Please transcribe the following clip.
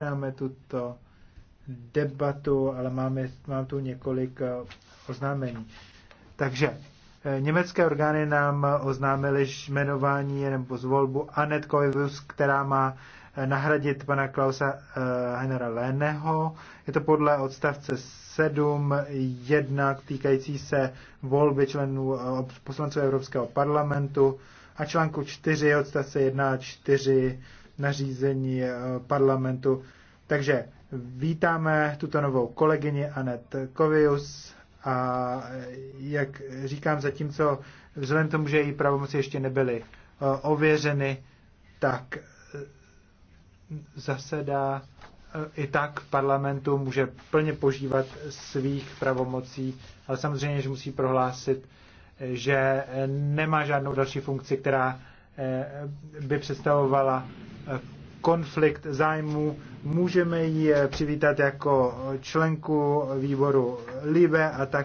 Máme tuto debatu, ale máme, mám tu několik eh, oznámení. Takže eh, německé orgány nám oznámily jmenování nebo zvolbu Anet Koivus, která má eh, nahradit pana Klausa Heinera Léneho. Je to podle odstavce 7, týkající se volby členů poslanců Evropského parlamentu a článku 4 odstavce 1 a 4 nařízení eh, parlamentu. Takže vítáme tuto novou kolegyni Anet Kovius a eh, jak říkám, zatímco vzhledem k tomu, že její pravomoci ještě nebyly eh, ověřeny, tak zasedá i tak parlamentu může plně požívat svých pravomocí, ale samozřejmě, že musí prohlásit, že nemá žádnou další funkci, která by představovala konflikt zájmů. Můžeme ji přivítat jako členku výboru LIBE a tak